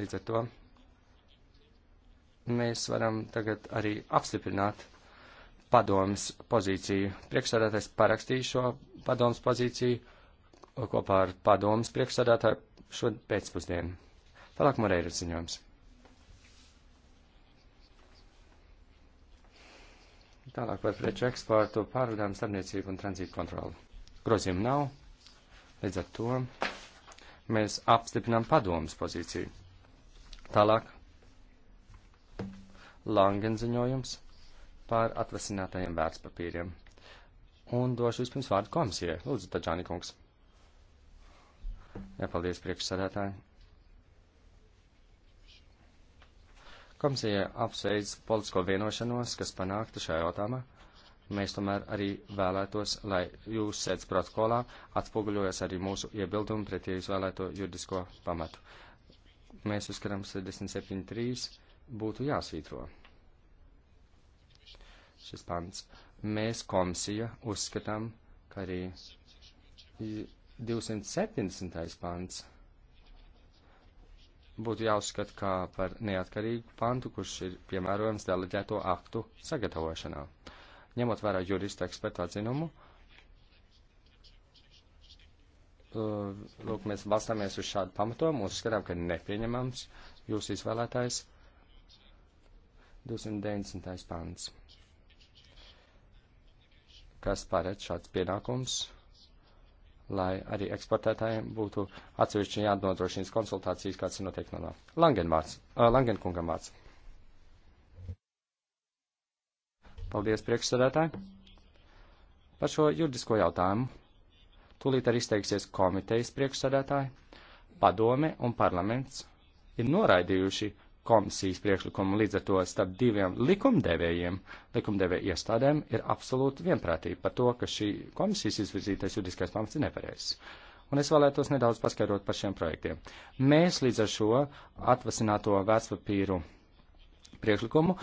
Līdz ar to mēs varam tagad arī apstiprināt padomas pozīciju. Priekšsādātais parakstīja šo padomas pozīciju kopā ar padomas priekšsādātāju šo pēcpusdienu. Tālāk Moreira ziņojums. Tālāk par preču eksportu, pārvadājumu starpniecību un tranzītu kontroli. Grozījumu nav, līdz ar to mēs apstiprinām padomas pozīciju. Tālāk. Langen ziņojums par atvasinātajiem vērtspapīriem. Un došu vispirms vārdu komisijai. Lūdzu, Taģāni kungs. Nepaldies priekšsēdētāji. Komisija apsveic politisko vienošanos, kas panākta šajā jautājumā. Mēs tomēr arī vēlētos, lai jūs sēdz protokolā atspoguļojas arī mūsu iebildumi pret ja izvēlēto juridisko pamatu. Uh, mēs uzskatām 67.3 būtu jāsvītro. Šis pants. Mēs komisija uzskatām, ka arī 270. pants būtu jāuzskata kā par neatkarīgu pantu, kurš ir piemērojams deleģēto aktu sagatavošanā. Ņemot vērā jurista ekspertu atzinumu, uh, Uh, lūk, mēs balstāmies uz šādu pamatojumu, uzskatām, ka nepieņemams jūsu izvēlētājs 290. pants. Kas paredz šāds pienākums, lai arī eksportētājiem būtu atsevišķi jānodrošinas konsultācijas, kāds ir noteikti no Langenvārds, uh, Langenkungam vārds. Paldies, priekšsēdētāji, par šo juridisko jautājumu. Tūlīt arī izteiksies komitejas priekšsēdētāji. Padome un parlaments ir noraidījuši komisijas priekšlikumu līdz ar to starp diviem likumdevējiem, likumdevēja iestādēm ir absolūti vienprātība par to, ka šī komisijas izvirzītais juridiskais pamats ir nepareizs un es vēlētos nedaudz paskaidrot par šiem projektiem. Mēs līdz ar šo atvasināto vērtspapīru priekšlikumu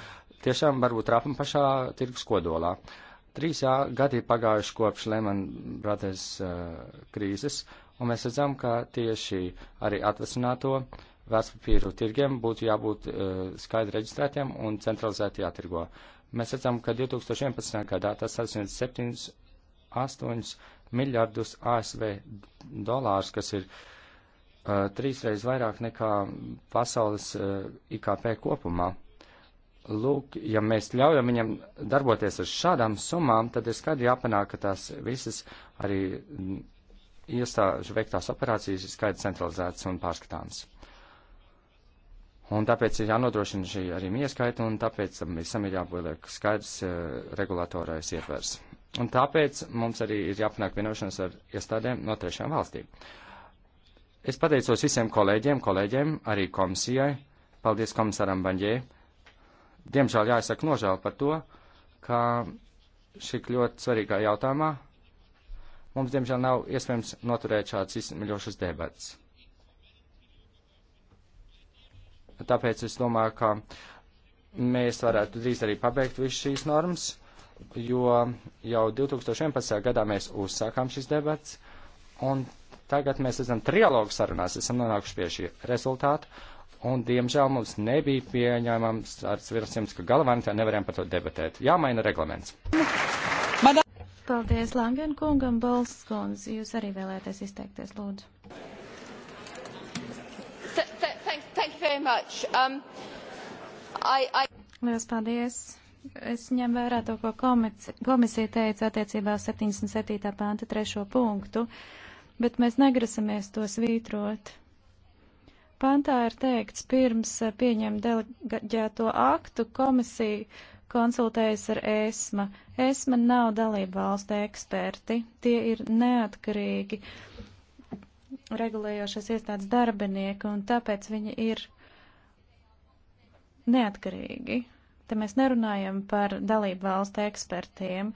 tiešām varbūt rāpam pašā tirgus kodolā. Uh, Trīs gadi ir pagājuši kopš Lehman Brothers uh, krīzes, un mēs redzam, ka tieši arī atvesināto vērtspapīru tirgiem būtu jābūt uh, skaidri reģistrētiem un centralizēti jātirgo. Mēs redzam, ka 2011. gadā tas sasniedz 7, 8 miljardus ASV dolārus, kas ir uh, trīsreiz vairāk nekā pasaules uh, IKP kopumā. Uh, Lūk, ja mēs ļaujam viņam darboties ar šādām summām, tad ir skaidri jāpanāk, ka tās visas arī mm, iestāžu veiktās operācijas ir skaidri centralizētas un pārskatāmas. Un tāpēc ir jānodrošina šī arī mieskaita, un tāpēc tam visam ir jābūt skaidrs uh, regulatorais ietvers. Un tāpēc mums arī ir jāpanāk vienošanas ar iestādēm no trešām valstīm. Es pateicos visiem kolēģiem, kolēģiem, arī komisijai. Paldies komisaram Baņģē Diemžēl jāsaka nožēla par to, ka šik ļoti svarīgā jautājumā mums, diemžēl, nav iespējams noturēt šāds izsmeļošas debats. Tāpēc es domāju, ka mēs varētu drīz arī pabeigt visu šīs normas, jo jau 2011. gadā mēs uzsākām šis debats, un tagad mēs esam trialogu sarunās, esam nonākuši pie šī rezultāta, un diemžēl mums nebija pieņēmams ar svirasjums, ka galvantā nevarējām par to debatēt. Jāmaina reglaments. Paldies Langien kungam, Balsts kundz. Jūs arī vēlēties izteikties, lūdzu. Thank, thank you very much. Um, I, I... Lielas paldies. Es ņem vērā to, ko komisija teica attiecībā 77. panta trešo punktu, bet mēs negrasamies to svītrot. Pantā ir teikts, pirms eh, pieņem deleģēto aktu komisija konsultējas ar ESMA. ESMA nav dalība valsta eksperti, tie ir neatkarīgi regulējošas iestādes darbinieki, un tāpēc viņi ir neatkarīgi. Te mēs nerunājam par dalību valsta ekspertiem,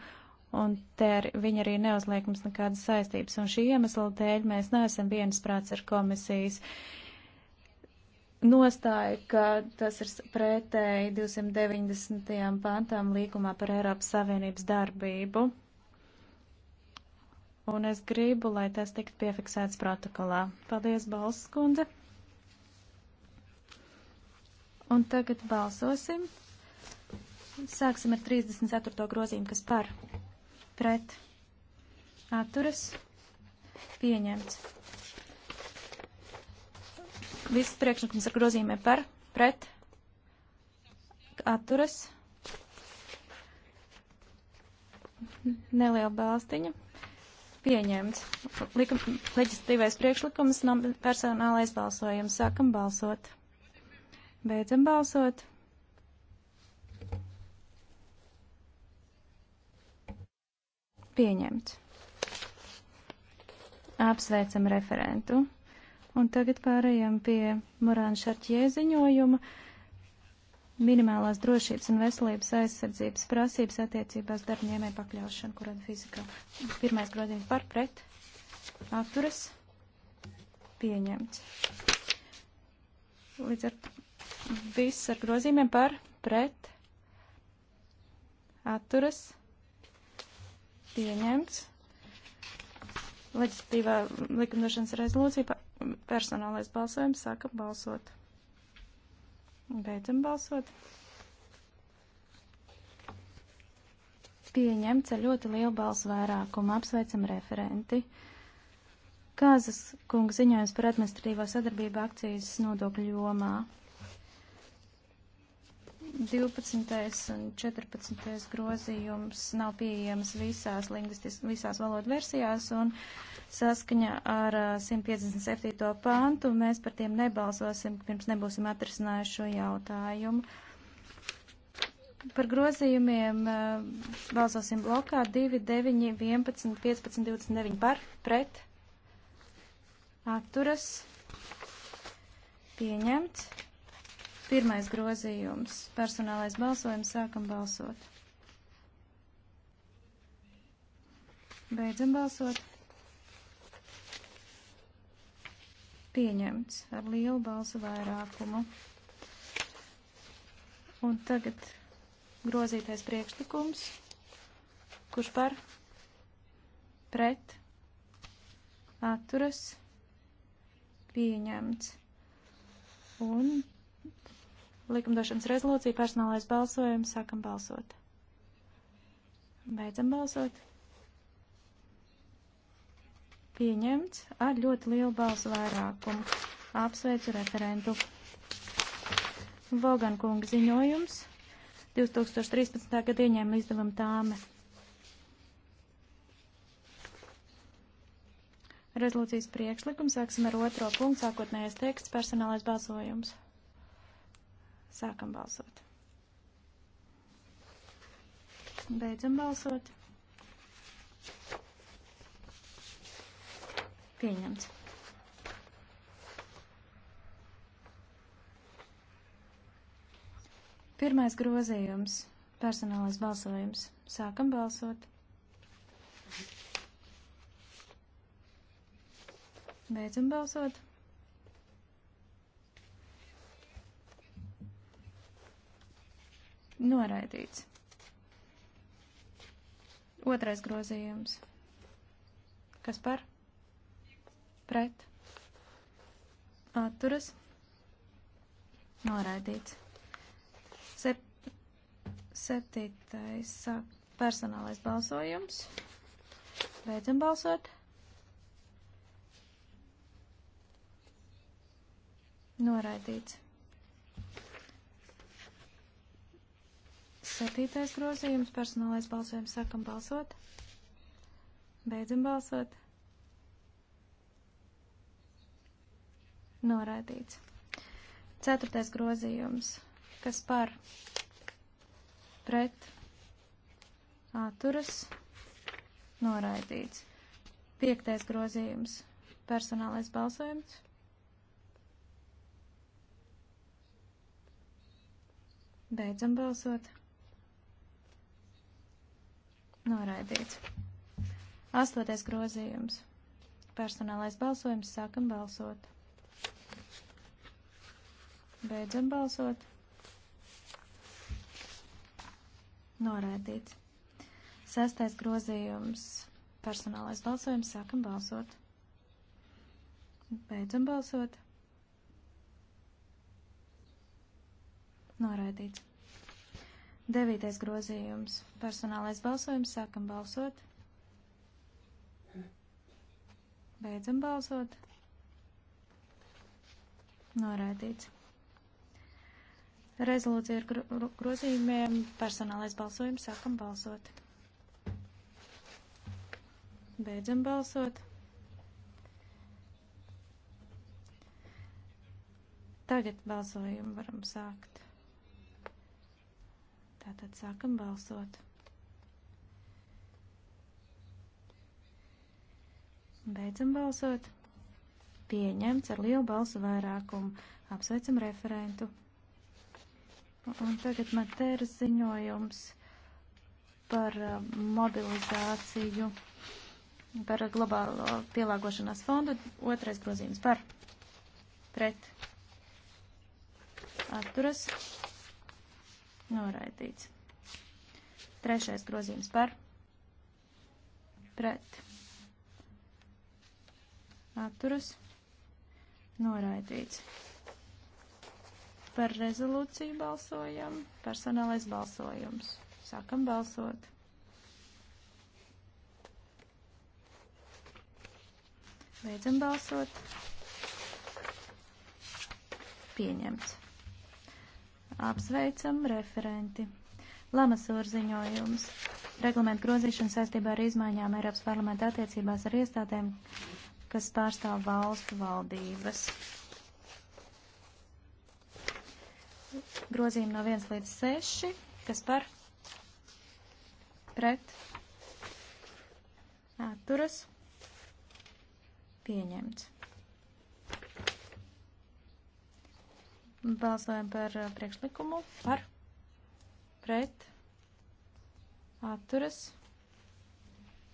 un te ar, viņi arī neuzliek mums nekādas saistības, un šī iemesla dēļ mēs neesam viensprāts ar komisijas uh, nostāja, ka tas ir pretēji 290. pantām līgumā par Eiropas Savienības darbību. Un es gribu, lai tas tiktu piefiksēts protokolā. Paldies, Balsas kundze. Un tagad balsosim. Sāksim ar 34. grozījumu, kas par pret atturas pieņemts viss priekšlikums ar grozījumiem par, pret, atturas, neliela balstiņa, pieņemts. Likam, leģislatīvais priekšlikums, personālais balsojums, sākam balsot, beidzam balsot. Pieņemts. Apsveicam referentu. Un tagad pārējām pie Morāna Šarķie ziņojuma minimālās drošības un veselības aizsardzības prasības attiecībās darbņēmē pakļaušanu, kur ir fizikā. Pirmais grozījums par pret, atturas, pieņemts. Līdz ar viss ar grozījumiem par pret, atturas, pieņemts. Leģislatīvā likumdošanas rezolūcija personālais balsojums saka balsot. Beidzam balsot. Pieņemts ar ļoti lielu balsu vairākumu. Apsveicam referenti. Kāzas kunga ziņojums par administratīvo sadarbību akcijas nodokļu jomā. 12. un 14. grozījums nav pieejams visās, visās valodu versijās, un saskaņā ar 157. pāntu mēs par tiem nebalsosim, pirms nebūsim atrisinājuši šo jautājumu. Par grozījumiem balsosim blokā 2, 9, 11, 15, 29 par, pret, atturas, pieņemts. Pirmais grozījums - personālais balsojums. Sākam balsot. Beidzam balsot. Pieņemts ar lielu balsu vairākumu. Un tagad grozītais priekšlikums. Kurš par? Pret? Atturas? Pieņemts. Un likumdošanas rezolūcija, personālais balsojums, sākam balsot. Beidzam balsot. Pieņemts ar ļoti lielu balsu vairākumu. Apsveicu referentu. Vogan kunga ziņojums. 2013. gada ieņēma izdevuma tāme. Rezolūcijas priekšlikums sāksim ar otro punktu, sākotnējais teksts, personālais balsojums. Sākam balsot. Beidzam balsot. Pieņemts. Pirmais grozījums - personālais balsojums. Sākam balsot. Beidzam balsot. Noraidīts. Otrais grozījums. Kas par? Pret. Atturas. Noraidīts. Sep septītais personālais balsojums. Beidzam balsot. Noraidīts. 27. grozījums, personālais balsojums, sākam balsot, beidzam balsot. Noraidīts. Ceturtais grozījums, kas par pret atturas noraidīts. Piektais grozījums, personālais balsojums. Beidzam balsot. Noraidīts. Astotais grozījums. Personālais balsojums. Sākam balsot. Beidzam balsot. Noraidīts. Sestais grozījums. Personālais balsojums. Sākam balsot. Beidzam balsot. Noraidīts. Devītais grozījums. Personālais balsojums. Sākam balsot. Beidzam balsot. Noraidīts. Rezolūcija ar gro grozījumiem. Personālais balsojums. Sākam balsot. Beidzam balsot. Tagad balsojumu varam sākt. Tātad sākam balsot. Beidzam balsot. Pieņemts ar lielu balsu vairākumu. Apsveicam referentu. Un tagad man te ir ziņojums par uh, mobilizāciju, par globālo pielāgošanās fondu. Otrais grozījums par pret atturas Noraidīts. Trešais grozījums par. Pret. Atturas. Noraidīts. Par rezolūciju balsojam. Personālais balsojums. Sākam balsot. Beidzam balsot. Pieņemts. Apsveicam referenti. Lamasūra ziņojums. Reglamentu grozīšana saistībā ar izmaiņām Eiropas parlamenta attiecībās ar iestādēm, kas pārstāv valstu valdības. Grozījumi no 1 līdz 6, kas par pret atturas pieņemts. Balsojam par uh, priekšlikumu. Par. Pret. Atturas.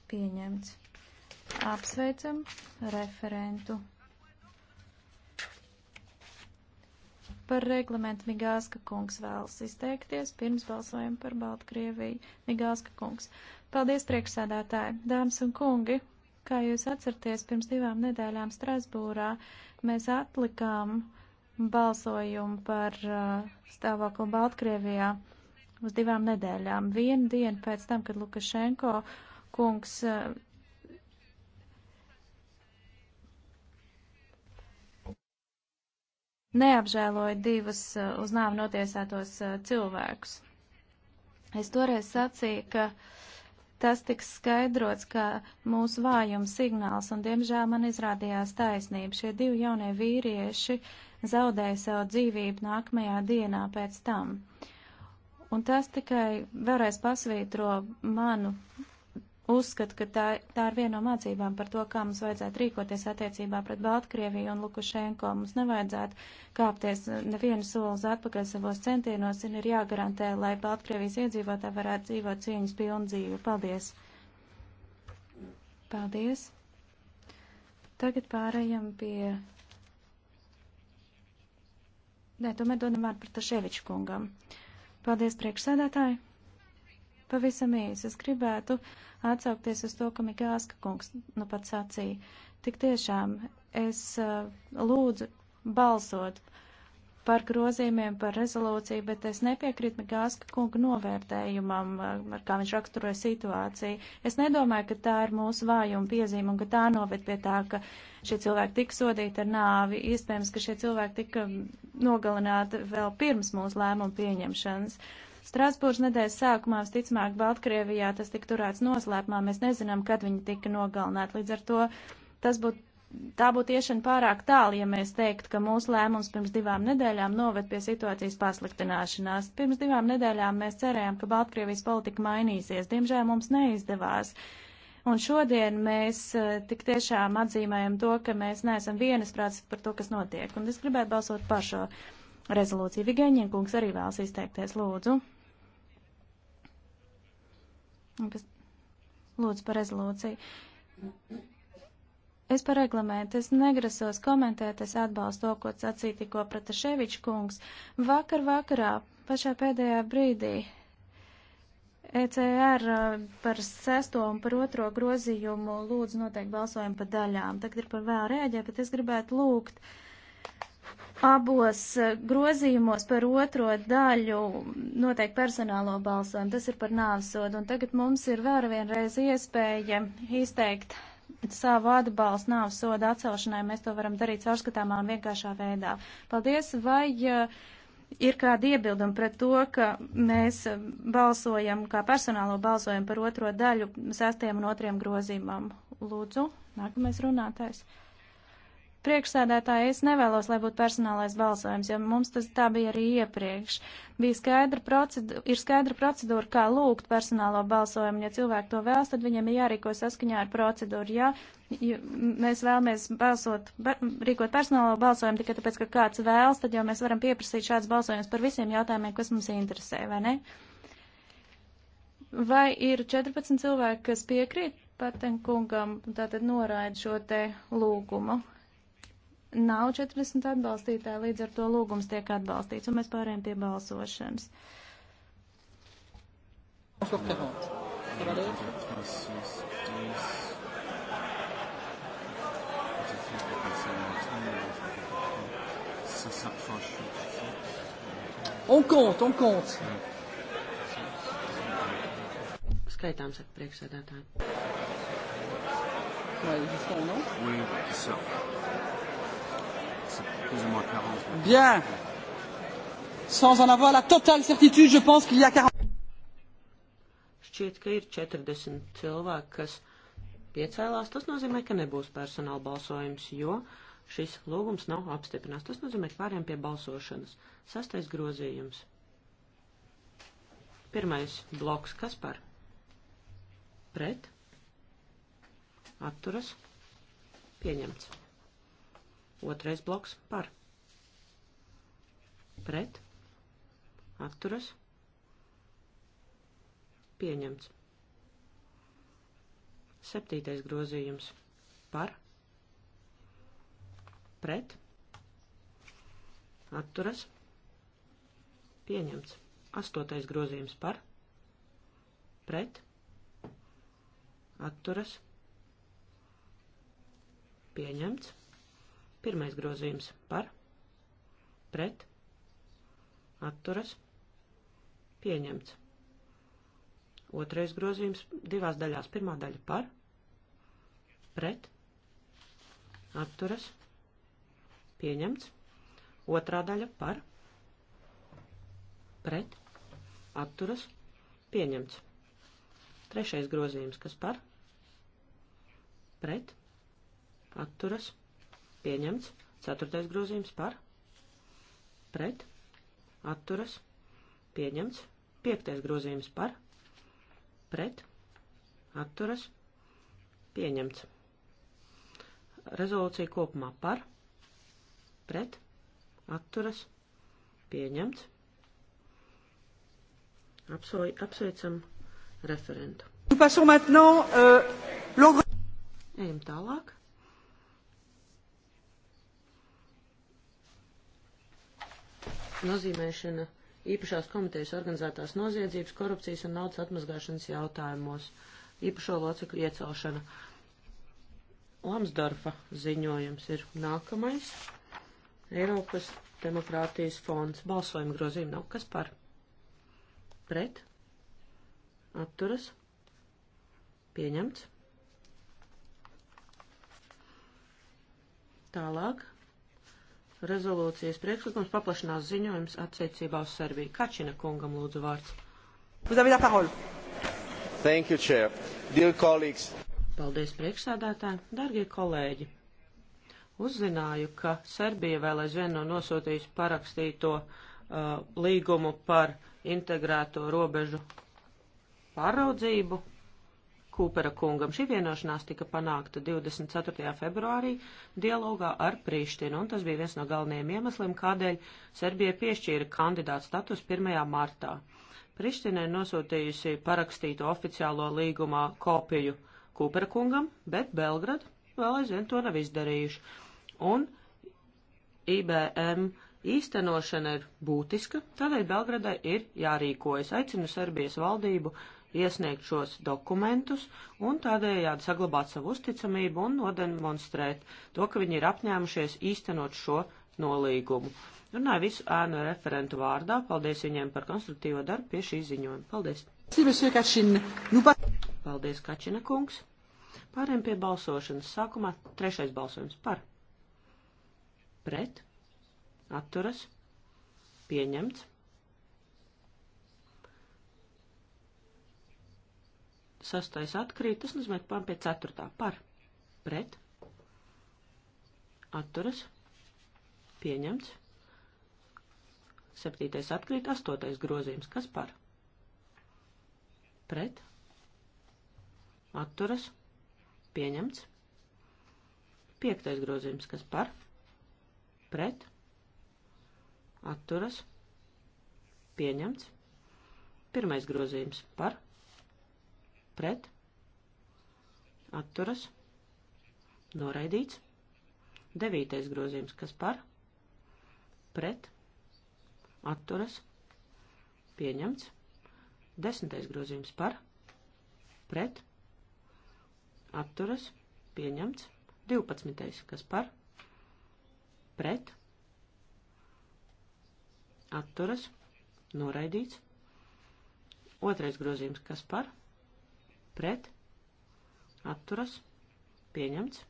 Pieņemts. Apsveicam referentu. Par reglamentu Migāska kungs vēlas izteikties pirms balsojam par Baltkrieviju. Migāska kungs. Paldies, priekšsēdētāji, dāmas un kungi! Kā jūs atcerties, pirms divām nedēļām Strasbūrā mēs atlikām uh, balsojumu par uh, stāvokli Baltkrievijā uz divām nedēļām. Vienu dienu pēc tam, kad Lukašenko kungs uh, neapžēloja divus uh, uz nāvu notiesātos cilvēkus. Es toreiz sacīju, ka tas tiks skaidrots, ka mūsu vājums signāls, un diemžēl man izrādījās taisnība. Šie divi jaunie vīrieši uh, zaudēja savu dzīvību nākamajā dienā pēc tam. Un tas tikai vēlreiz pasvītro manu uzskatu, ka tā, tā ir viena no mācībām par to, kā mums vajadzētu rīkoties attiecībā pret Baltkrieviju un Lukašenko. Mums nevajadzētu kāpties nevienu solis atpakaļ savos centienos un ir jāgarantē, lai Baltkrievijas iedzīvotā varētu dzīvot cieņas pilnu dzīvi. Paldies! Paldies! Tagad pārējam pie Nē, tomēr dodam vārdu par Taševiču kungam. Paldies, priekšsēdētāji! Pavisam īsi, es gribētu atsaukties uz to, ka Mikāska kungs nu pat sacīja. Tik tiešām es uh, lūdzu balsot uh, par grozījumiem, par rezolūciju, bet es nepiekrītu Mikāska kunga novērtējumam, eh, ar kā viņš raksturoja situāciju. Es nedomāju, ka tā ir mūsu vājuma piezīme un ka tā noved pie tā, ka šie cilvēki tika sodīti ar nāvi. Iespējams, ka šie cilvēki tika nogalināti vēl pirms mūsu lēmumu pieņemšanas. Strasbūras nedēļas sākumā, visticamāk, Baltkrievijā tas tika turēts noslēpumā. Mēs nezinām, kad viņi tika nogalināti. Līdz ar to tas būtu tā būtu iešana pārāk tālu, ja mēs teiktu, ka mūsu lēmums pirms divām nedēļām noved pie situācijas pasliktināšanās. Pirms divām nedēļām mēs cerējām, ka Baltkrievijas politika mainīsies. Diemžēl mums neizdevās. Un šodien mēs eh, tik tiešām atzīmējam to, ka mēs neesam vienasprāts par to, kas notiek. Un es gribētu balsot par šo rezolūciju. Vigeņina kungs arī vēlas izteikties, lūdzu. Kas, lūdzu par rezolūciju. Es par reglamentu, es negrasos komentēt, es atbalstu to, ko sacīja tikko Prataševičs kungs. Vakar vakarā, pašā pēdējā brīdī, ECR uh, par sesto un par otro grozījumu lūdzu noteikti balsojumu pa daļām. Tagad ir par vēl rēģē, bet es gribētu lūgt abos uh, grozījumos par otro daļu noteikti personālo balsojumu. Tas ir par nāvsodu. Un tagad mums ir vēl vienreiz iespēja izteikt savu atbalstu nāves soda atcelšanai, mēs to varam darīt caurskatāmā un vienkāršā veidā. Paldies, vai ir kādi iebildumi pret to, ka mēs balsojam, kā personālo balsojam par otro daļu sastajam un otriem grozījumam? Lūdzu, nākamais runātājs priekšsēdētāji, es nevēlos, lai būtu personālais balsojums, jo mums tas tā bija arī iepriekš. Bija skaidra procedūra, ir skaidra procedūra, kā lūgt personālo balsojumu. Ja cilvēki to vēlas, tad viņiem ir jārīko saskaņā ar procedūru. Ja, ja mēs vēlamies balsot, ba, rīkot personālo balsojumu tikai tāpēc, ka kāds vēlas, tad jau mēs varam pieprasīt šāds balsojums par visiem jautājumiem, kas mums interesē, vai ne? Vai ir 14 cilvēki, kas piekrīt patenkungam, tātad noraida šo te lūgumu? nav 40 atbalstītāji, līdz ar to lūgums tiek atbalstīts, un mēs pārējām pie balsošanas. On compte, on compte. Skaitām, saka priekšsēdētāji. Vai jūs to nav? Oui, ça plus ou moins 40. Bien. Sans en avoir la totale certitude, je pense qu'il y a 40. Šķiet, ka ir 40 cilvēki, kas piecēlās. Tas nozīmē, ka nebūs personāla balsojums, jo šis lūgums nav apstiprināts. Tas nozīmē, ka pārējām pie balsošanas. Sastais grozījums. Pirmais bloks, kas par? Pret? Atturas? Pieņemts. Otrais bloks par. Pret. Atturas. Pieņemts. Septītais grozījums par. Pret. Atturas. Pieņemts. Astotais grozījums par. Pret. Atturas. Pieņemts. Pirmais grozījums par, pret, atturas, pieņemts. Otrais grozījums divās daļās. Pirmā daļa par, pret, atturas, pieņemts. Otrā daļa par, pret, atturas, pieņemts. Trešais grozījums, kas par, pret, atturas, pieņemts pieņemts. Ceturtais grozījums par, pret, atturas, pieņemts. Piektais grozījums par, pret, atturas, pieņemts. Rezolūcija kopumā par, pret, atturas, pieņemts. Apsvoj, apsveicam referentu. Euh, Ejam tālāk. nozīmēšana īpašās komitejas organizētās noziedzības, korupcijas un naudas atmazgāšanas jautājumos, īpašo locekļu iecelšana. Lamsdorfa ziņojums ir nākamais. Eiropas demokrātijas fonds. Balsojuma grozījuma nav. Kas par? Pret? Atturas? Pieņemts? Tālāk rezolūcijas priekšlikums paplašinās ziņojums attiecībā uz Serbiju. Kačina kungam lūdzu vārds. Vous avez la parole. Thank you, Chair. Dear colleagues. Paldies priekšsādātāji, dargie kolēģi. Uzzināju, ka Serbija vēl aizvien nav no nosūtījusi parakstīto uh, līgumu par integrēto robežu pāraudzību Kūpera kungam. Šī vienošanās tika panākta 24. februārī dialogā ar Prīštinu, un tas bija viens no galvenajiem iemesliem, kādēļ Serbija piešķīra kandidātu status 1. martā. Prištinai nosūtījusi parakstīto oficiālo līgumā kopiju Kūpera kungam, bet Belgrad vēl aizvien to nav izdarījuši. Un IBM īstenošana ir būtiska, tādēļ Belgradai ir jārīkojas. Aicinu Serbijas valdību uh, iesniegt šos dokumentus un tādējādi saglabāt savu uzticamību un nodemonstrēt to, ka viņi ir apņēmušies īstenot šo nolīgumu. Runāju visu ēnu referentu vārdā. Paldies viņiem par konstruktīvo darbu pie šī ziņojuma. Paldies! Paldies, Kačina kungs! Pārējiem pie balsošanas. Sākumā trešais balsojums par. Pret. Atturas. Pieņemts. sastais atkrīt, tas nozīmē, ka pārējām pie ceturtā par, pret, atturas, pieņemts, septītais atkrīt, astotais grozījums, kas par, pret, atturas, pieņemts, piektais grozījums, kas par, pret, atturas, pieņemts, pirmais grozījums par, pret, pret, atturas, noraidīts. Devītais grozījums, kas par, pret, atturas, pieņemts. Desmitais grozījums par, pret, atturas, pieņemts. Divpadsmitais, kas par, pret, atturas, noraidīts. Otrais grozījums, kas par, pret, atturas, pieņemts.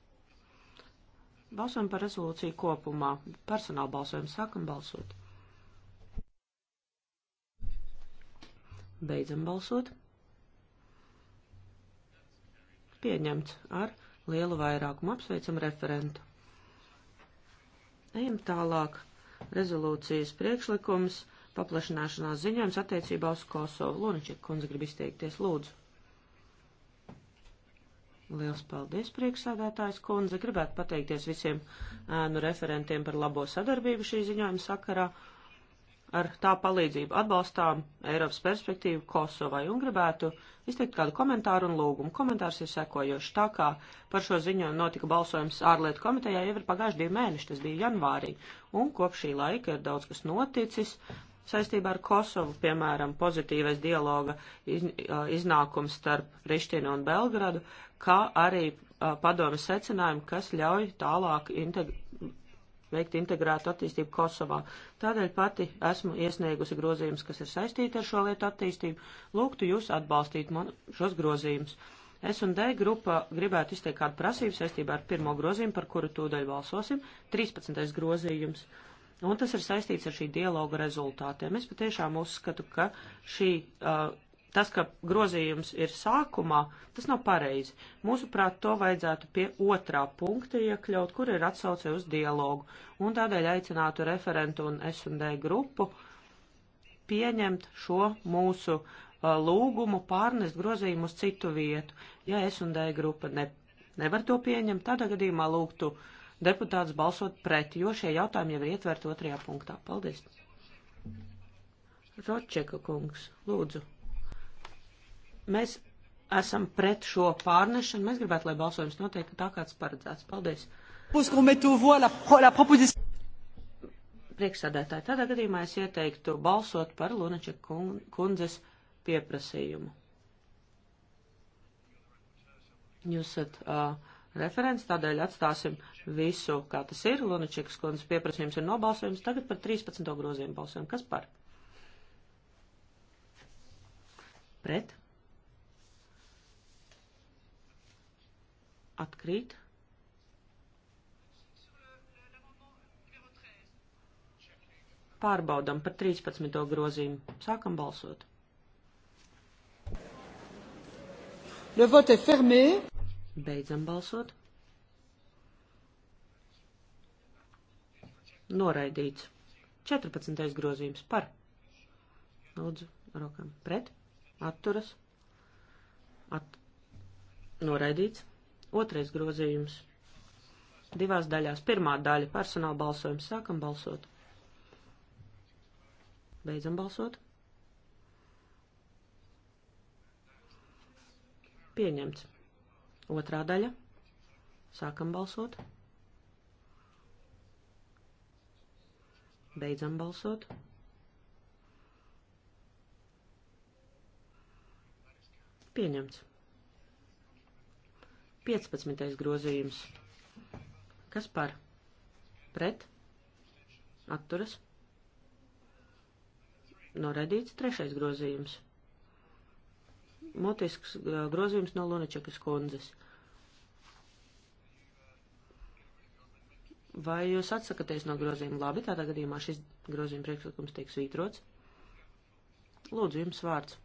Balsojam par rezolūciju kopumā. Personāla balsojumu sākam balsot. Beidzam balsot. Pieņemts ar lielu vairākumu. Apsveicam referentu. Ejam tālāk. Rezolūcijas priekšlikums paplašanāšanās ziņojums attiecībā uz Kosovu. Lunačik, kundze grib izteikties, lūdzu. Liels paldies, priekšsādātājs kundze. Gribētu pateikties visiem ēnu referentiem par labo sadarbību šī ziņojuma sakarā. Ar tā palīdzību atbalstām Eiropas perspektīvu Kosovai un gribētu izteikt kādu komentāru un lūgumu. Komentārs ir sekojošs. Tā kā par šo ziņojumu notika balsojums ārlietu komitejā jau ir pagājuši divi mēneši, tas bija janvārī, un kopš šī laika ir daudz kas noticis. Saistībā ar Kosovu, piemēram, pozitīvais dialoga iznākums starp Prištinu un Belgradu, kā arī padomas secinājumi, kas ļauj tālāk integ veikt integrētu attīstību Kosovā. Tādēļ pati esmu iesniegusi grozījumus, kas ir saistīti ar šo lietu attīstību. Lūgtu jūs atbalstīt man šos grozījumus. Es un D grupa gribētu izteikt kādu prasību saistībā ar pirmo grozījumu, par kuru tūdaļ balsosim, 13. grozījums. Uh, Un tas ir saistīts ar šī dialoga rezultātiem. Es patiešām uzskatu, ka šī, uh, tas, ka grozījums ir sākumā, tas nav pareizi. Mūsuprāt, to vajadzētu pie otrā punkta iekļaut, kur ir atsauce uz dialogu. Un tādēļ aicinātu referentu un S&D grupu pieņemt šo mūsu uh, lūgumu pārnest grozījumu uz citu vietu. Ja S&D grupa ne, nevar to pieņemt, tādā gadījumā lūgtu uh, deputātus balsot pret, jo šie jautājumi jau ir ietverti otrajā punktā. Paldies. Ročeka kungs, lūdzu. Mēs esam pret šo pārnešanu. Mēs gribētu, lai balsojums notiek tā, kāds paredzēts. Paldies. Priekšsēdētāji, tādā gadījumā es ieteiktu balsot par Lunačeka kundzes pieprasījumu. Jūs esat uh, referents, tādēļ atstāsim visu, kā tas ir. Lunačikas kundzes pieprasījums ir nobalsojums. Tagad par 13. grozījumu balsojam. Kas par? Pret? Atkrīt? Pārbaudam par 13. grozījumu. Sākam balsot. Le vote est fermé. Beidzam balsot. Noraidīts. 14. grozījums par. Lūdzu, rokam. Pret. Atturas. At. Noraidīts. Otrais grozījums. Divās daļās. Pirmā daļa personāla balsojums. Sākam balsot. Beidzam balsot. Pieņemts. Otrā daļa. Sākam balsot. Beidzam balsot. Pieņemts. 15. grozījums. Kas par? Pret? Atturas? Noraidīts trešais grozījums mutisks grozījums no Lunačakas kundzes. Vai jūs atsakaties no grozījuma? Labi, tādā gadījumā šis grozījuma priekšlikums tiek svītrots. Lūdzu, jums vārds.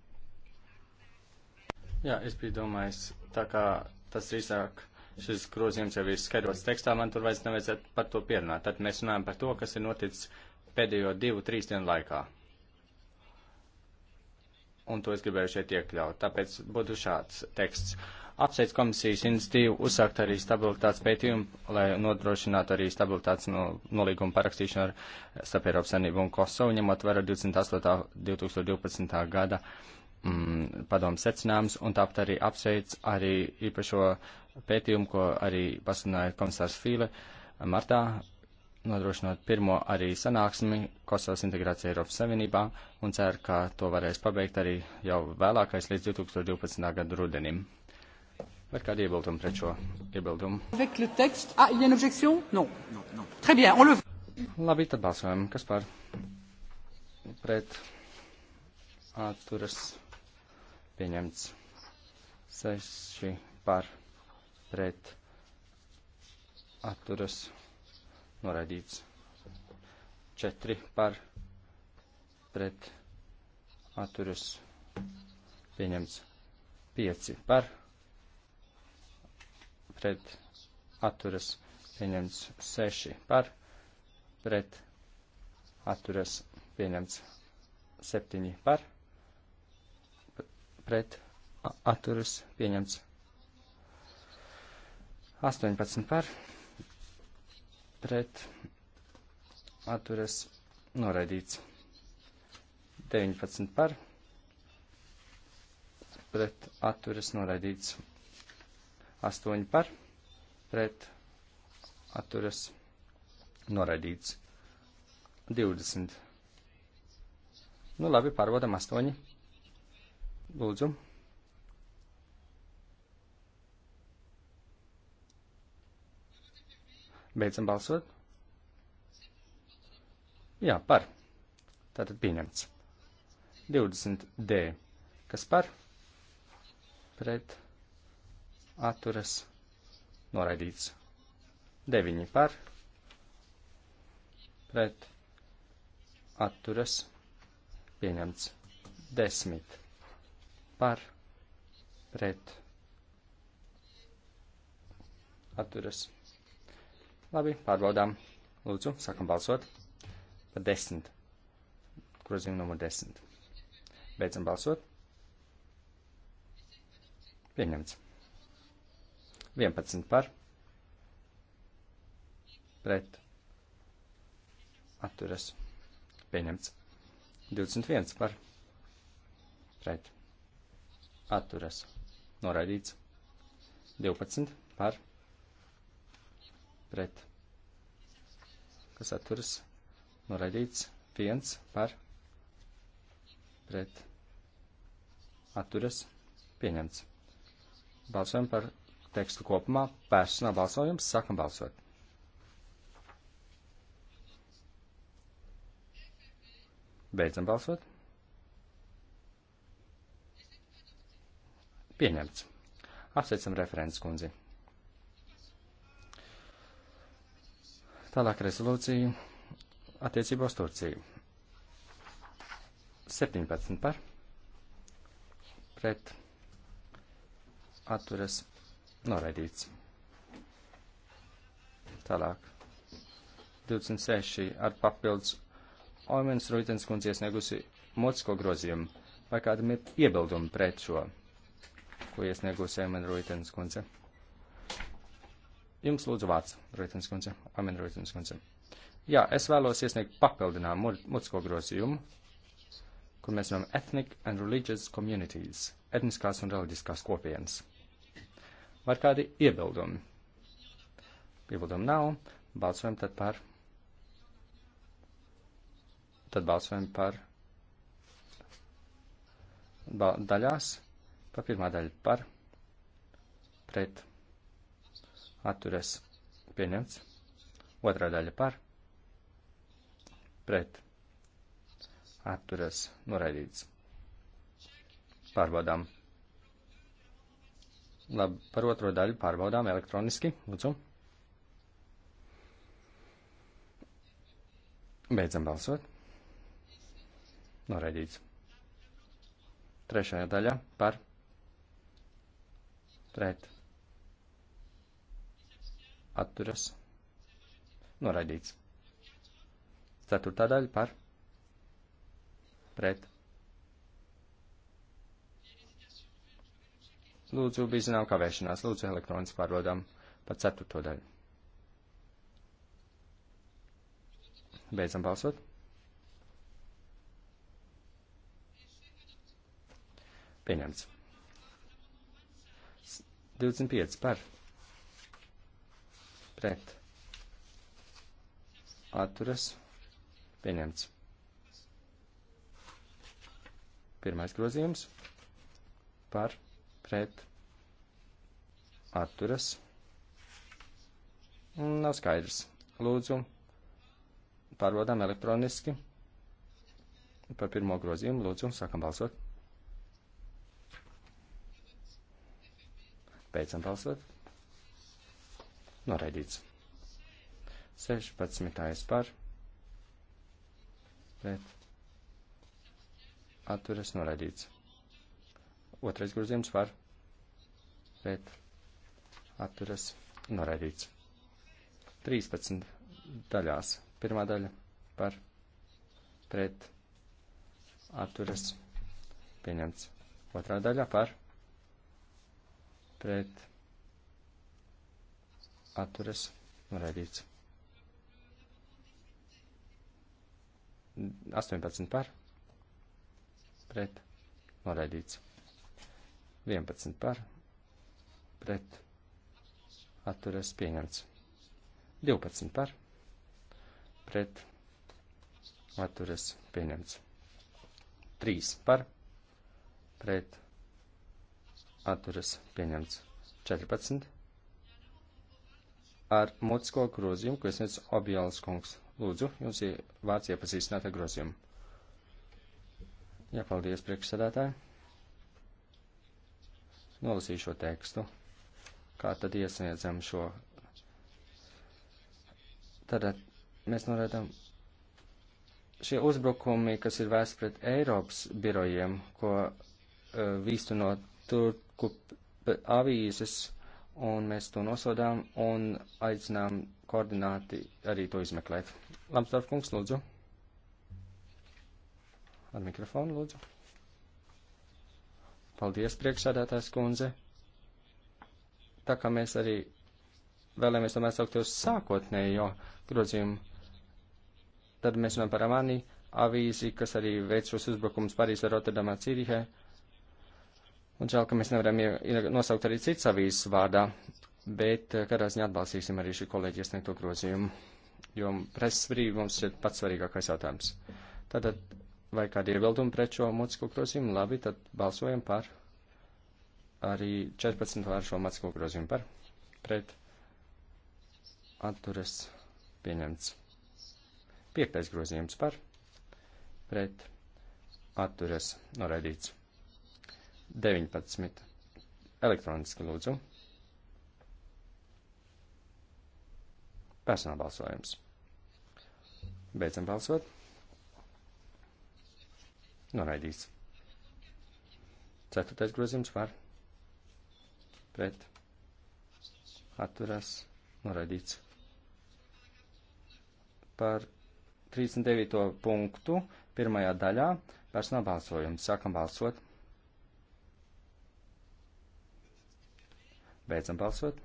Jā, es biju domājis, tā kā tas visāk šis grozījums jau ir skaidrots tekstā, man tur vairs nevajadzētu par to pierunāt. Tad mēs runājam par to, kas ir noticis pēdējo divu, trīs dienu laikā un to es gribēju šeit iekļaut. Tāpēc būtu šāds teksts. Apsveic komisijas institīvu uzsākt arī stabilitātes pētījumu, lai nodrošinātu arī stabilitātes no, nolīgumu parakstīšanu ar starp Eiropas Savienību un Kosovu, ņemot vērā 28. 2012. gada mm, padomu secinājums, un tāpat arī apsveic arī īpašo pētījumu, ko arī pasunāja komisārs Fīle martā nodrošinot pirmo arī sanāksmi Kosovas integrācija Eiropas Savienībā un ceru, ka to varēs pabeigt arī jau vēlākais līdz 2012. gada rudenim. Vai kādi iebildumi pret šo iebildumu? Ah, Labi, tad balsojam. Kas par? Pret atturas pieņemts. Seši par pret atturas pieņemts noraidīts. 4 par pret atturas pieņemts. 5 par pret atturas pieņemts. 6 par pret atturas pieņemts. 7 par pret atturas pieņemts. 18 par pret atturas noraidīts. 19 par pret atturas noraidīts. 8 par pret atturas noraidīts. 20. Nu labi, pārvodam 8. Lūdzu. Beidzam balsot. Jā, par. Tātad pieņemts. 20D. Kas par? Pret. Atturas. Noraidīts. 9 par. Pret. Atturas. Pieņemts. 10 par. Pret. Atturas. Labi, pārbaudām. Lūdzu, sākam balsot par desmit. Grozījumu numur desmit. Beidzam balsot. Pieņemts. 11 par. Pret. Atturas. Pieņemts. 21 par. Pret. Atturas. Noraidīts. 12 par pret, kas atturas noraidīts, viens par, pret, atturas pieņemts. Balsojam par tekstu kopumā, personāla balsojums, sākam balsot. Beidzam balsot. Pieņemts. Apsveicam referents kundzi. Tālāk rezolūcija attiecībā uz Turciju. 17 par pret atturas noraidīts. Tālāk. 26 ar papildus Oimens Ruitens kundze iesniegusi mocisko grozījumu. Vai kādam ir iebildumi pret šo, ko iesniegusi Oimens Ruitens kundze? Jums lūdzu vārds, Roitins kundze, Amen Roitins kundze. Jā, es vēlos iesniegt papildinājumu mutisko grozījumu, kur mēs zinām ethnic and religious communities, etniskās un reliģiskās kopienas. Var kādi iebildumi? Iebildumu nav, balsojam tad par. Tad balsojam par ba daļās, pa pirmā daļa par, pret, atturēs pieņemts. Otrā daļa par, pret, atturēs noraidīts. Pārbaudām. Labi, par otro daļu pārbaudām elektroniski. Lūdzu. Beidzam balsot. Noraidīts. Trešajā daļā par pret atturas, noraidīts. Ceturtā daļa par, pret. Lūdzu, bija zinām kavēšanās, lūdzu elektroniski pārrodām par ceturto daļu. Beidzam balsot. Pieņemts. 25 par pret atturas pieņemts. Pirmais grozījums par pret atturas nav skaidrs. Lūdzu, pārbaudām elektroniski par pirmo grozījumu. Lūdzu, sākam balsot. Beidzam balsot. Noraidīts. 16. par pret atturas noraidīts. Otrais grozījums par pret atturas noraidīts. 13 daļās. Pirmā daļa par pret atturas pieņemts. Otrā daļa par pret atturas atturas noraidīts. 18 par, pret, noraidīts. 11 par, pret, atturas pieņemts. 12 par, pret, atturas pieņemts. 3 par, pret, atturas pieņemts. 14 par ar mutisko grozījumu, ko iesniedz Objāls kungs. Lūdzu, jums ir vārds iepazīstināt ar grozījumu. Jā, paldies, priekšsēdētāji. Nolasīšu šo tekstu. Kā tad iesniedzam šo? Tad eh, mēs norādām šie uzbrukumi, kas ir vērsti pret Eiropas birojiem, ko uh, vīstu no turku avīzes. Uh, un mēs to nosodām un aicinām koordināti arī to izmeklēt. Lamsdorf kungs, lūdzu. Ar mikrofonu, lūdzu. Paldies, priekšsādātājs kundze. Tā kā mēs arī vēlamies tomēr saukt uz sākotnējo grozījumu, tad mēs runājam par Amani avīzi, kas arī veic šos uzbrukums Parīzē, Rotterdamā, Cīrihē. Un žēl, ka mēs nevaram nosaukt arī citas avīzes vārdā, bet eh, kādā ziņā atbalstīsim arī šī kolēģi iesniegto grozījumu, jo preses brīvums ir pats svarīgākais jautājums. Tātad, vai kādi iebildumi pret šo mutisko grozījumu? Labi, tad balsojam par arī 14 ar šo mutisko grozījumu par pret atturas pieņemts. Piektais grozījums par pret atturas noraidīts. 19. Elektroniski lūdzu. Personāla balsojums. Beidzam balsot. Noraidīts. Ceturtais grozījums var. Pret. Atturās. Noraidīts. Par 39. punktu pirmajā daļā personāla balsojums. Sākam balsot. Beidzam balsot.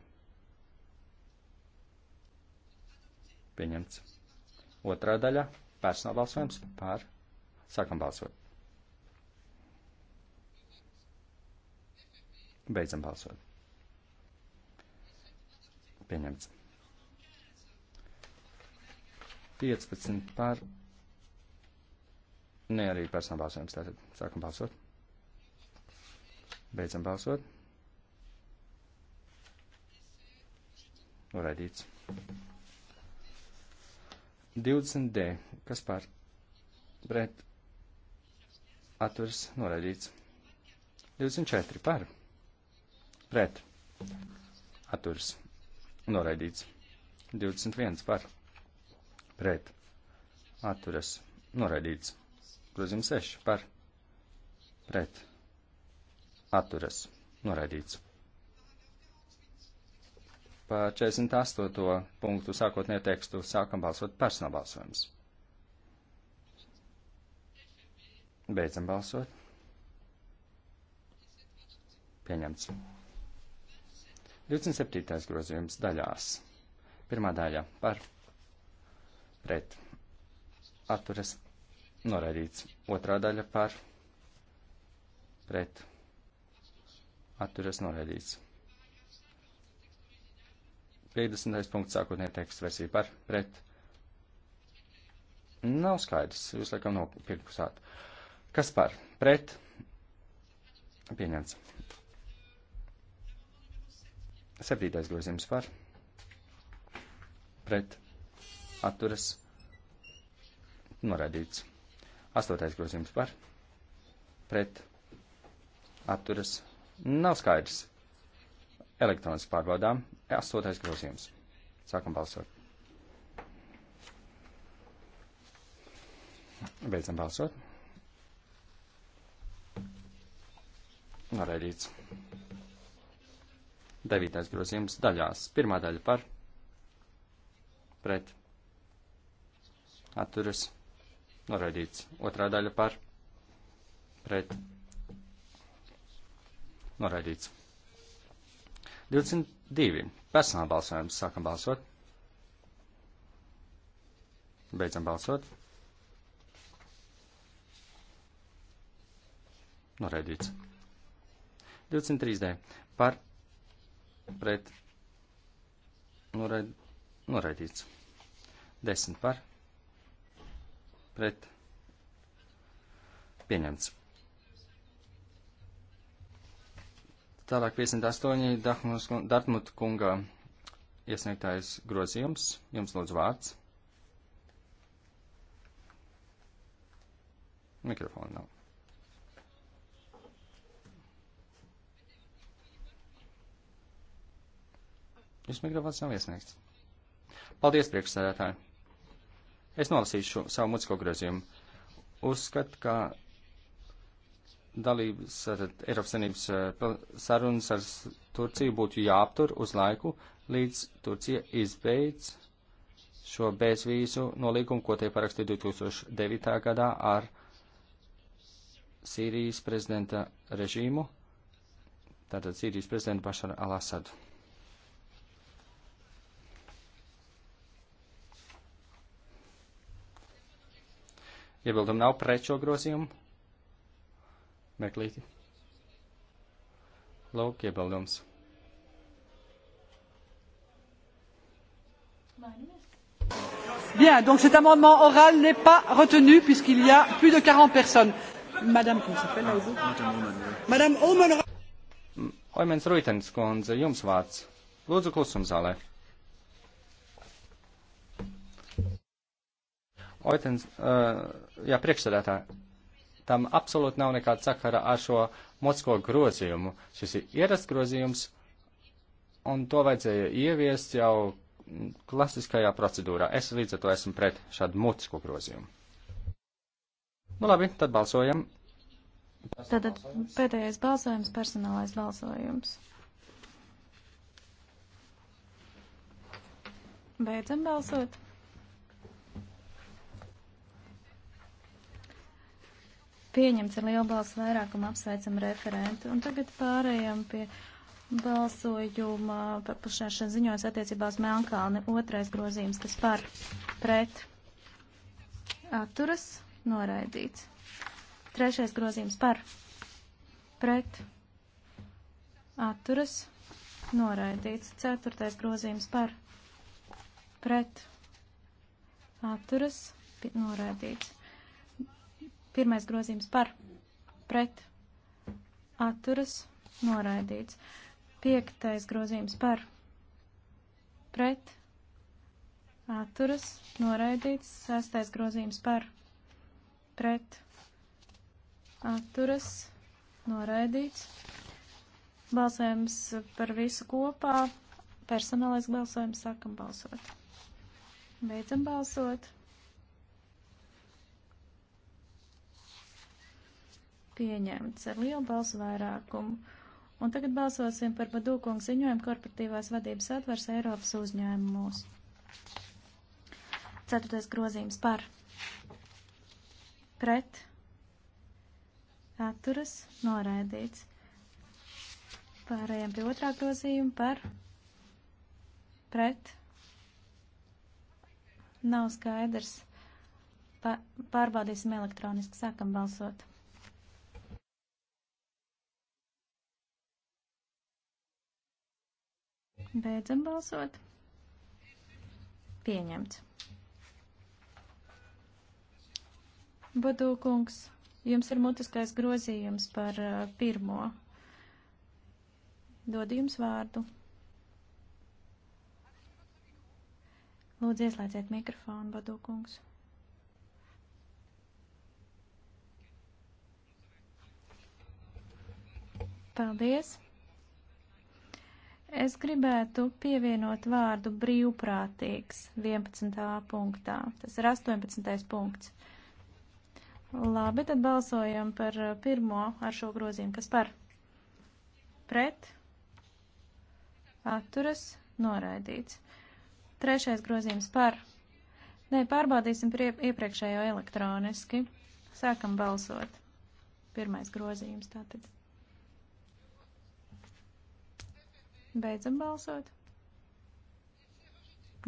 Pieņemts. Otrā daļa - personāla balsojums pār. Sākam balsot. Beidzam balsot. Pieņemts. 15 pār. Ne arī personāla balsojums. Tātad sākam balsot. Beidzam balsot. Noraidīts. 20D. Kas par? Pret. Atturas. Noraidīts. 24. Par. Pret. Atturas. Noraidīts. 21. Par. Pret. Atturas. Noraidīts. Grozījums 6. Par. Pret. Atturas. Noraidīts. Par 48. punktu sākotnēju tekstu sākam balsot personāla balsojums. Beidzam balsot. Pieņemts. 27. grozījums daļās. Pirmā daļa par pret atturas noraidīts. Otrā daļa par pret atturas noraidīts. 50. punkts sākotnē teksta versija par pret. Nav skaidrs, jūs laikam nopirkusāt. Kas par pret? Pieņemts. Septītais grozījums par pret atturas noraidīts. Astotais grozījums par pret atturas nav skaidrs. Elektroniski pārbaudām. Astotais grozījums. Sākam balsot. Beidzam balsot. Norēdīts. Devītais grozījums daļās. Pirmā daļa par pret atturas. Norēdīts. Otrā daļa par pret norēdīts. 22. Personāla balsojums. Sākam balsot. Beidzam balsot. Noraidīts. 23D. Par pret noraid, noraidīts. 10 par pret pieņemts. Tālāk 58. Dartmut kunga iesniegtājs grozījums. Jums lūdzu vārds. Mikrofona nav. Jūs mikrofons nav iesniegts. Paldies, priekšsēdētāji. Es nolasīšu savu mucko grozījumu. Uzskat, ka dalības ar Eiropas Savienības eh, sarunas ar Turciju būtu jāaptur uz laiku, līdz Turcija izbeidz šo bezvīzu nolīgumu, ko tie parakstīja 2009. gadā ar Sīrijas prezidenta režīmu, tātad Sīrijas prezidenta Bašara al-Asadu. Iebildumi nav pret šo grozījumu. Meklīti. Lūk, iebildums. Bien, donc cet amendement oral n'est pas retenu puisqu'il y a plus de 40 personnes. Madame, comment s'appelle là au bout Madame Omen. Oimens Ruitens, kundze, jums vārds. Lūdzu, klusum zālē. Oitens, uh, jā, priekšsēdētāji tam absolūti nav nekāda sakara ar šo mocko grozījumu. Šis ir ierasts grozījums, un to vajadzēja ieviest jau klasiskajā procedūrā. Es līdz ar to esmu pret šādu mocko grozījumu. Nu labi, tad balsojam. Tātad pēdējais balsojums, personālais balsojums. Beidzam balsot. pieņemts ar lielu balsu vairākumu, apsveicam referentu. Un tagad pārējām pie balsojuma paplašināšanas ziņojas attiecībā uz Melnkalni. Otrais grozījums, kas par pret atturas noraidīts. Trešais grozījums par pret atturas noraidīts. Ceturtais grozījums par pret atturas noraidīts. Pirmais grozījums par pret atturas noraidīts. Piektais grozījums par pret atturas noraidīts. Sestais grozījums par pret atturas noraidīts. Balsojums par visu kopā. Personālais balsojums sākam balsot. Beidzam balsot. pieņemts ar lielu balsu vairākumu. Un tagad balsosim par Badūkungu ziņojumu korporatīvās vadības atvars Eiropas uzņēmumos. Ceturtais grozījums par pret atturas noraidīts. Pārējām pie otrā grozījuma par pret nav skaidrs. Pa, pārbaudīsim elektroniski, sākam balsot. Beidzam balsot. Pieņemts. Badūkungs, jums ir mutiskais grozījums par uh, pirmo. Dodu jums vārdu. Lūdzu, ieslēdziet mikrofonu, Badūkungs. Paldies! Es gribētu pievienot vārdu brīvprātīgs 11. punktā. Tas ir 18. punkts. Labi, tad balsojam par pirmo ar šo grozījumu. Kas par? Pret? Atturas? Noraidīts. Trešais grozījums par? Nē, pārbaudīsim iepriekšējo elektroniski. Sākam balsot. Pirmais grozījums tātad. Beidzam balsot.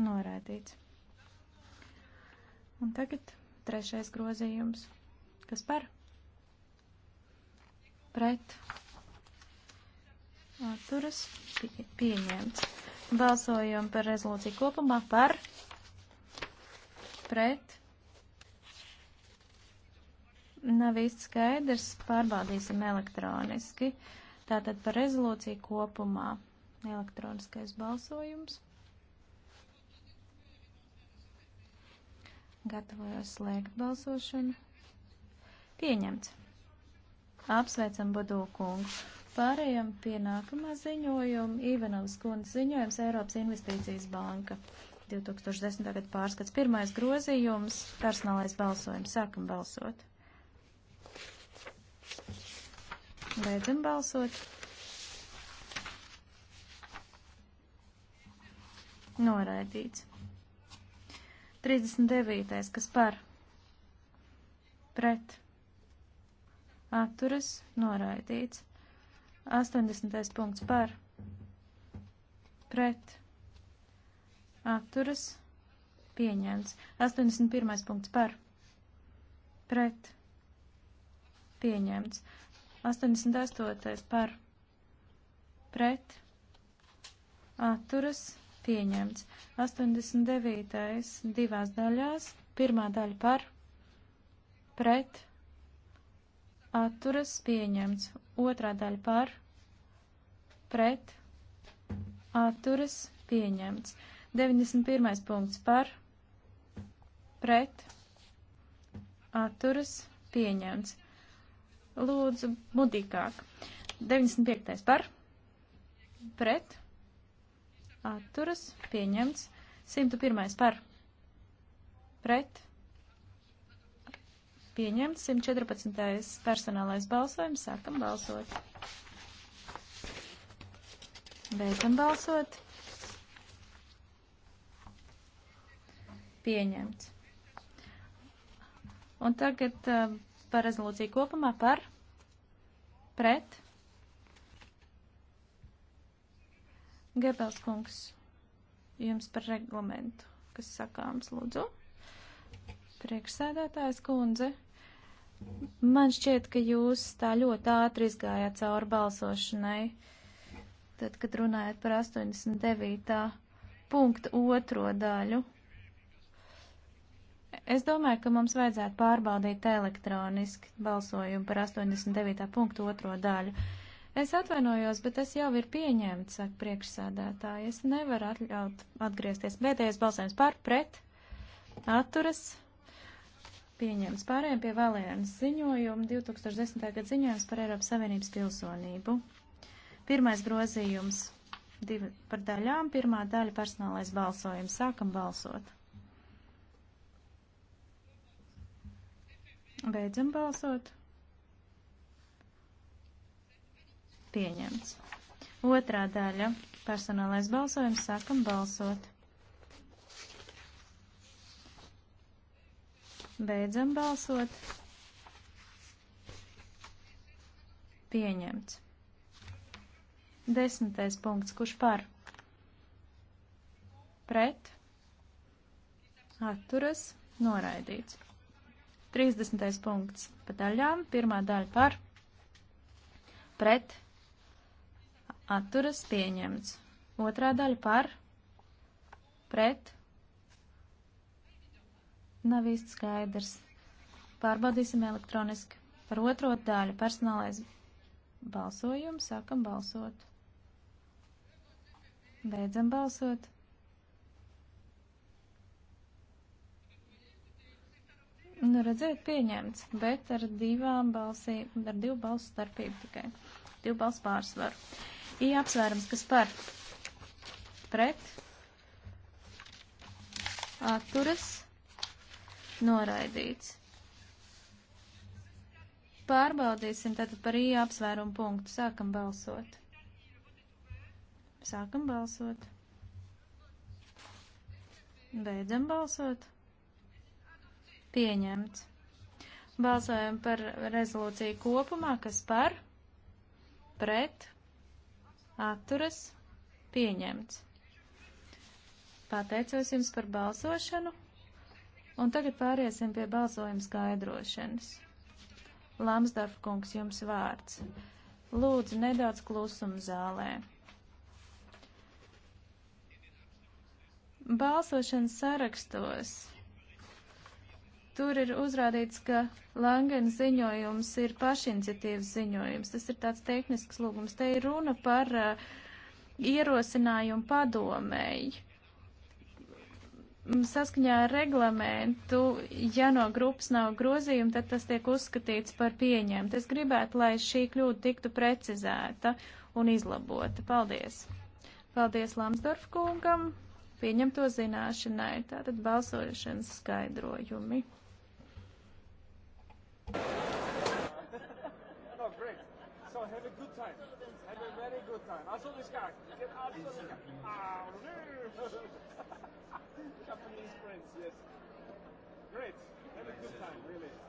Norādīts. Un tagad trešais grozījums. Kas par? Pret. Atturas pieņemts. Balsojam par rezolūciju kopumā par. Pret. Nav īsti skaidrs. Pārbaudīsim elektroniski. Tātad par rezolūciju kopumā elektroniskais balsojums. Gatavojos slēgt balsošanu. Pieņemts. Apsveicam Badū kungu. Pārējām pie nākamā ziņojuma. Īvenovas kundas ziņojums Eiropas investīcijas banka. 2010. gada pārskats. Pirmais grozījums - personālais balsojums. Sākam balsot. Beidzam balsot. noraidīts. 39. kas par pret atturas noraidīts. 80. punkts par pret atturas pieņemts. 81. punkts par pret pieņemts. 88. par pret atturas pieņemts pieņemts. 89. divās daļās. Pirmā daļa par, pret, atturas pieņemts. Otrā daļa par, pret, atturas pieņemts. 91. punkts par, pret, atturas pieņemts. Lūdzu, mudīgāk. 95. par, pret, atturas pieņemts atturas, pieņemts. 101. par, pret, pieņemts. 114. personālais balsojums, sākam balsot. Beidzam balsot. Pieņemts. Un tagad uh, par rezolūciju kopumā par, pret, Gebels kungs, jums par reglamentu, kas sakāms, lūdzu. Priekšsēdētājs kundze, man šķiet, ka jūs tā ļoti ātri izgājāt cauri balsošanai, tad, kad runājat par 89. punktu otro daļu. Es domāju, ka mums vajadzētu pārbaudīt elektroniski balsojumu par 89. punktu otro daļu. Es atvainojos, bet tas jau ir pieņemts, saka priekšsēdētāji. Es nevaru atļaut atgriezties. Bēdējais balsējums par, pret, atturas. Pieņemts pārējiem pie vēlējienas ziņojuma 2010. gada ziņojums par Eiropas Savienības pilsonību. Pirmais grozījums divi par daļām. Pirmā daļa personālais balsojums. Sākam balsot. Beidzam balsot. pieņemts. Otrā daļa - personālais balsojums, sākam balsot. Beidzam balsot. Pieņemts. Desmitais punkts. Kurš par? Pret. Atturas. Noraidīts. Trīsdesmitais punkts. Pa daļām. Pirmā daļa par. Pret atturas pieņemts. Otrā daļa par, pret, nav īsti skaidrs. Pārbaudīsim elektroniski. Par otro daļu personālais balsojums sākam balsot. Beidzam balsot. Nu, redziet, pieņemts, bet ar divām balsīm, ar divu balsu starpību tikai. Divu balsu pārsvaru. I apsvērums, kas par pret atturas noraidīts. Pārbaudīsim tātad par I apsvērumu punktu. Sākam balsot. Sākam balsot. Beidzam balsot. Pieņemts. Balsojam par rezolūciju kopumā, kas par, pret, atturas pieņemts. Pateicos jums par balsošanu, un tagad pāriesim pie balsojuma skaidrošanas. Lamsdorf kungs, jums vārds. Lūdzu, nedaudz klusuma zālē. Balsošanas sarakstos Tur ir uzrādīts, ka Langena ziņojums ir pašiniciatīvas ziņojums. Tas ir tāds tehnisks lūgums. Te ir runa par uh, ierosinājumu padomēji. Mm, saskaņā ar reglamentu, ja no grupas nav grozījuma, tad tas tiek uzskatīts par pieņemtu. Es gribētu, lai šī kļūda tiktu precizēta un izlabota. Paldies! Paldies Lamsdorf kungam! Pieņemto zināšanai, tātad balsošanas skaidrojumi no, great. So have a good time. Have a very good time. Absolutely scarred. You get absolutely scarred. Japanese friends, yes. Great. Have a good time, really.